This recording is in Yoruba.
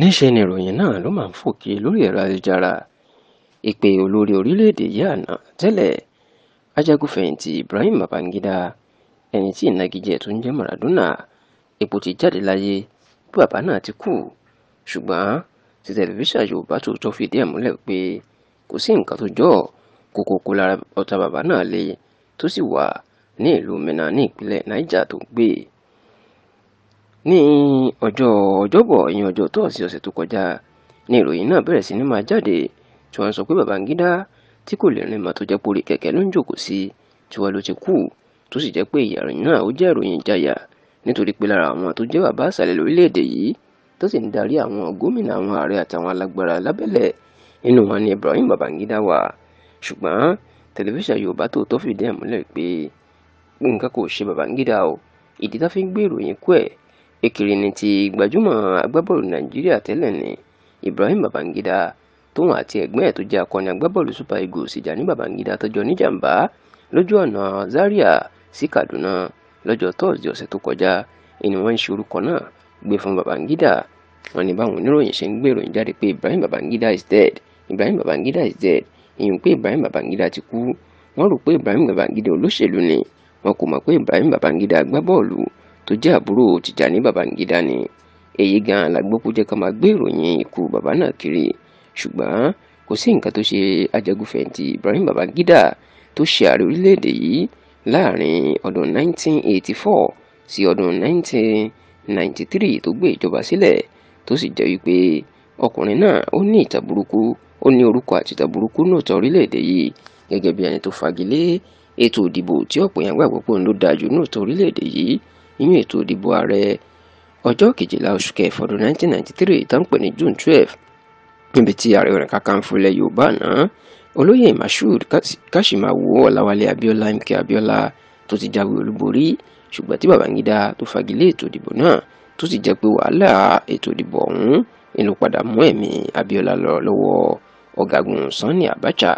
níṣẹ́ ni ìròyìn náà ló máa ń fò kiri lórí ẹ̀rọ ayélujára ìpè olórí orílẹ̀-èdè yìí àná tẹ́lẹ̀ ajagunfẹ̀yìntì Ibrahim Babangida ẹni tí ìnagijẹ tó ń jẹ́ Maradona epo ti jáde láyé bí bàbá náà ti kú ṣùgbọ́n ti tẹlifíṣàn Yorùbá Tòótọ́ fìdí ẹ̀ múlẹ̀ pé kò sí nǹkan tó jọ kókókó lára ọ̀tá bàbá náà le tó sì wà ní ìlú Minna ní ìpínlẹ̀ Niger tó ń gbé ní ọjọ́ ọjọ́bọ̀ ìyẹn ọjọ́ tọ́ọ̀sì ọ̀sẹ̀ tó kọjá ní ìròyìn náà bẹ̀rẹ̀ sí ní máa jáde tí wọ́n sọ pé Babangida tí kò lè rìn mà tó jẹ́ pé orí kẹ̀kẹ́ ló ń jòkó sí tí wọ́n ló ti kú tó sì jẹ́ pé ìyàrá náà ó jẹ́ ìròyìn ìjayà nítorí pé lára àwọn tó jẹ́ bàbá àṣàlẹ̀ lórílẹ̀‐èdè yìí tó sì ń darí àwọn gómìnà àwọn ààrẹ àtàwọn alágbára lábẹ́lẹ̀ nínú wọn ni Ibrahim Babangida wà ṣùgbọ́n tẹlifíṣàn Yorùbá Tòótọ́ fìdí ẹ̀ múlẹ̀ pé nǹkan kò ṣe Babangida o ìdí tá fi ń gbé ìròyìn kú ẹ̀ Ekiri ni ti gbajúmọ̀ agbábọ́ọ̀lù Nàìjíríà tẹ́lẹ̀ ní Ibrahim Babangida tóun àti ẹ̀gbọ́n ẹ̀ tó jẹ́ akọni agbábọ́ọ̀lù Super Eagles Ìjàní Babangida tó jọ níjàmbá lójú ọ̀nà Zaria sí Kaduna lọ́jọ́ Thursday ọ̀sẹ̀ tó kọjá ni wọ́n ń ṣe orúkọ náà gbé fún Babangida wọ́n ní báwọn oníròyìn ṣe ń gbé ìròyìn jáde pé Ibrahim Babangida is dead Ibrahim Babangida is dead ìyẹn pé Ibrahim Babangida ti kú wọ́n rò pé Ibrahim Babangida olóṣèlú ni wọn kò mọ̀ pé Ibrahim Babangida agbábọ́ọ̀lù tó jẹ́ àbúrò Tìjàní Babangida ni èyí gan alágbókú jẹ́ ká máa gbé ìròyìn ikú bàbá náà kiri ṣùgbọ́n kò sí nǹkan tó ṣe ajagunfẹ̀yìntì Ibrahim Babangida tó ṣe ààrẹ orílẹ̀-èdè yìí láàrin ọdún 1984 sí ọdún 1993 tó gbé ìjọba sílẹ̀ tó sì jẹ́ wípé ọkùnrin náà ó ní ìtàn burúkú ó ní orúkọ àti ìtàn burúkú nùtọ̀ orílẹ̀-èdè yìí gẹ́gẹ́ bí ẹni tó fagilé ètò ìdìbò tí ọ̀pọ̀ èèyàn gbàgbọ́ pé òun ló dáa jù nùtọ̀ orílẹ̀-èdè yìí nínú ètò ìdìbò ààrẹ ọjọ́ kejìlá oṣù kẹfà ọdún 1993 tó ń pè ní June 12 níbi tí ààrẹ ọ̀nà kakanfò ilẹ̀ Yorùbá náà olóyè Mashood Kashimawo Ọ̀làwálé Abíọ́lá MK Abíọ́lá tó ti jáwé olúborí ṣùgbọ́n tí Babangida tó fagilé ètò ìdìbò náà tó sì jẹ́ pé wàhálà ètò ìdìbò ọ̀hún ni padà mú ẹ̀mí Abíọ́lá lọ lọ́wọ́ ọ̀gágun Sani Abacha